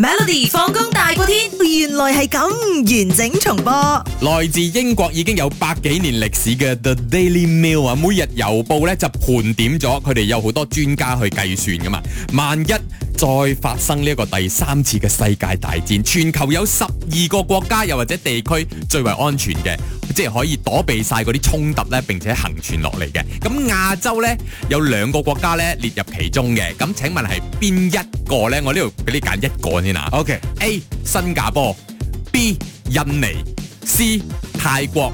Melody 放工大過天，原來係咁完整重播。來自英國已經有百幾年歷史嘅 The Daily Mail 啊，每日郵報咧就盤點咗，佢哋有好多專家去計算㗎嘛，萬一。再發生呢一個第三次嘅世界大戰，全球有十二個國家又或者地區最為安全嘅，即係可以躲避晒嗰啲衝突呢，並且幸存落嚟嘅。咁亞洲呢，有兩個國家呢列入其中嘅，咁請問係邊一個呢？我呢度俾你揀一個先啊。OK，A 新加坡，B 印尼，C 泰國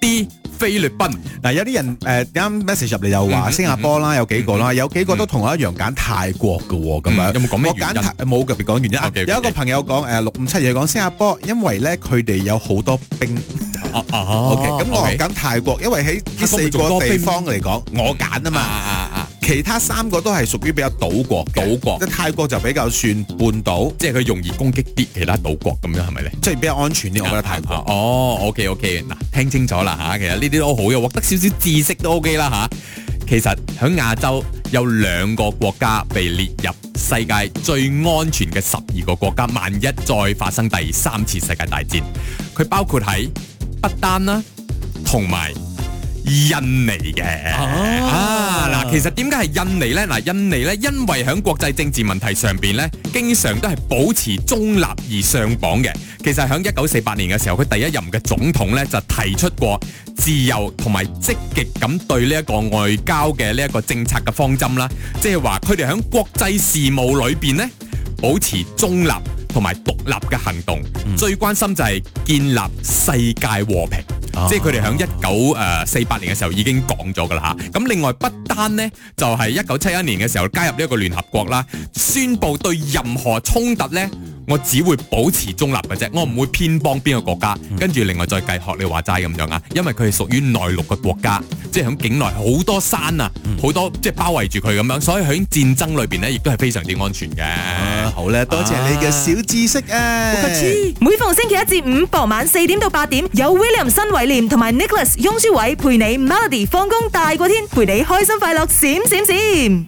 ，D。菲律賓。嗱，有啲人誒，啱 message 入嚟，又話新加坡啦，有幾個啦、嗯、哼有幾個都同我一樣揀泰國嘅咁樣，、嗯、有冇講咩原因？我揀泰，冇特別講原因。有一個朋友講誒、呃、六五七二，又講新加坡，因為咧佢哋有好多兵。OK，咁我揀泰國，因為喺呢四個地方嚟講，我揀啊嘛。啊啊其他三個都係屬於比較島國，島實國即泰國就比較算半島，即佢容易攻擊啲其他島國咁樣，係咪呢？即比較安全啲我覺得泰國。啊、泰國哦，OK OK，嗱，聽清楚啦嚇，其實呢啲都好嘅，獲得少少知識都 OK 啦嚇、啊。其實喺亞洲有兩個國家被列入世界最安全嘅十二個國家。萬一再發生第三次世界大戰，佢包括喺不丹啦，同埋。印尼嘅啊嗱、啊，其實點解係印尼呢？嗱，印尼呢，因為喺國際政治問題上邊呢，經常都係保持中立而上榜嘅。其實喺一九四八年嘅時候，佢第一任嘅總統呢，就提出過自由同埋積極咁對呢一個外交嘅呢一個政策嘅方針啦。即係話佢哋喺國際事務裏邊呢，保持中立同埋獨立嘅行動，嗯、最關心就係建立世界和平。即係佢哋響一九誒四八年嘅時候已經講咗噶啦吓，咁另外不單呢就係一九七一年嘅時候加入呢一個聯合國啦，宣布對任何衝突呢，我只會保持中立嘅啫，我唔會偏幫邊個國家，跟住另外再計學你話齋咁樣啊，因為佢係屬於內陸嘅國家。即係喺境內好多山，嗯、多啊，好多即係包圍住佢咁樣，所以喺戰爭裏邊咧，亦都係非常之安全嘅。好咧，多謝你嘅小知識啊！啊每逢星期一至五傍晚四點到八點，有 William 新偉廉同埋 Nicholas 翁舒偉陪你 Melody 放工大過天，陪你開心快樂閃閃閃。閃閃閃閃